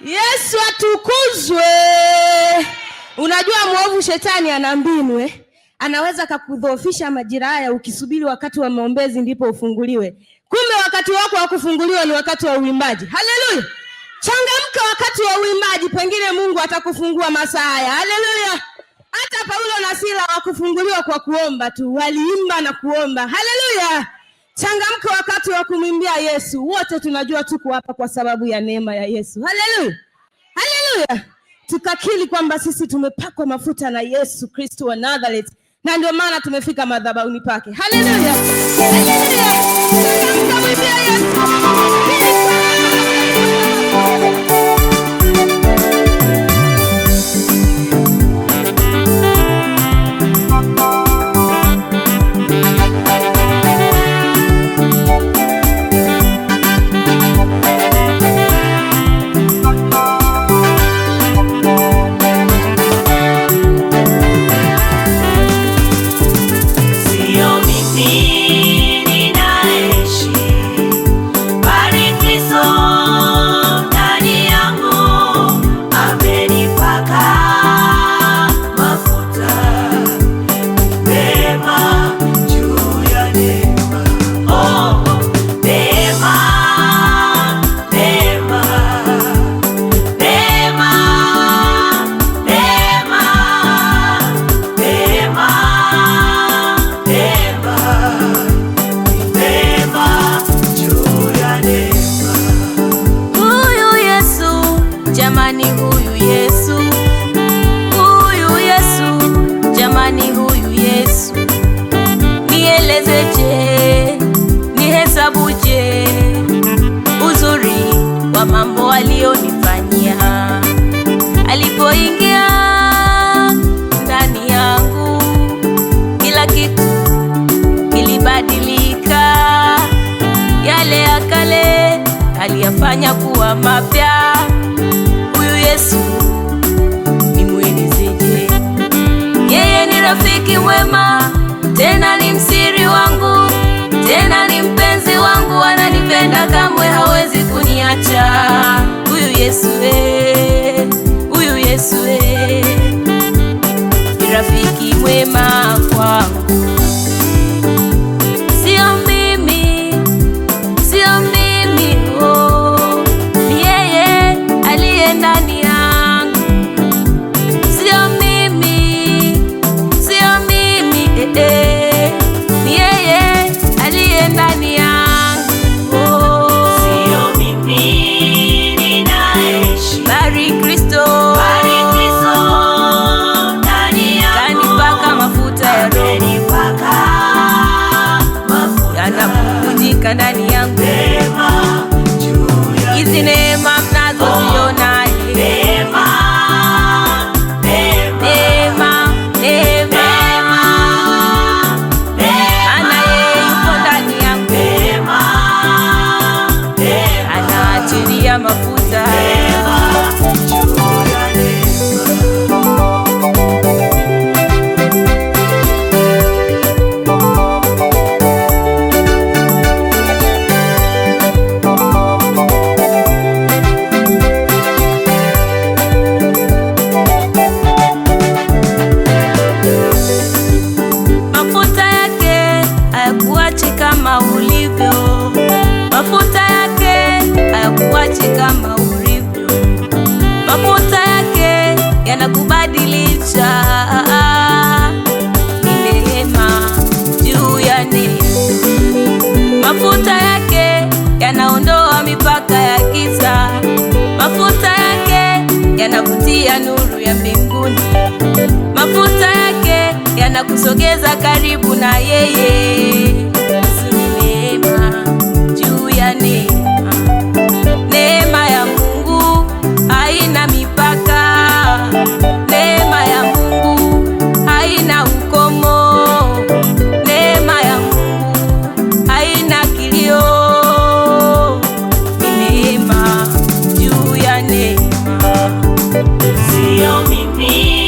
Yesu atukuzwe. Unajua mwovu shetani ana mbinu eh? Anaweza kakudhoofisha majira haya, ukisubiri wakati wa maombezi ndipo ufunguliwe. Kumbe wakati wako wa kufunguliwa ni wakati wa uimbaji. Haleluya! Changamka wakati wa uimbaji, pengine Mungu atakufungua masaa haya. Haleluya! Hata Paulo na Sila wakufunguliwa kwa kuomba tu, waliimba na kuomba. Haleluya! changamke wakati wa kumwimbia Yesu. Wote tunajua tuko hapa kwa sababu ya neema ya Yesu. Haleluya, haleluya! Tukakiri kwamba sisi tumepakwa mafuta na Yesu Kristo wa Nazareth, na ndio maana tumefika madhabahuni pake. Haleluya! jamani, huyu Yesu, huyu Yesu, jamani, huyu Yesu, nielezeje, nihesabuje uzuri wa mambo aliyonifanyia alipoingia ndani yangu, kila kitu kilibadilika, yale ya kale aliyafanya kuwa mapya. kushiriki wema chini mafuta mafuta yake hayakuachi kama ulivyo mafuta yote kama ulivyo, mafuta yake yanakubadilisha. neema juu ya neema, mafuta yake yanaondoa mipaka ya giza, mafuta yake yanakutia nuru ya mbinguni, mafuta yake yanakusogeza karibu na yeye. Neema juu ya neema me.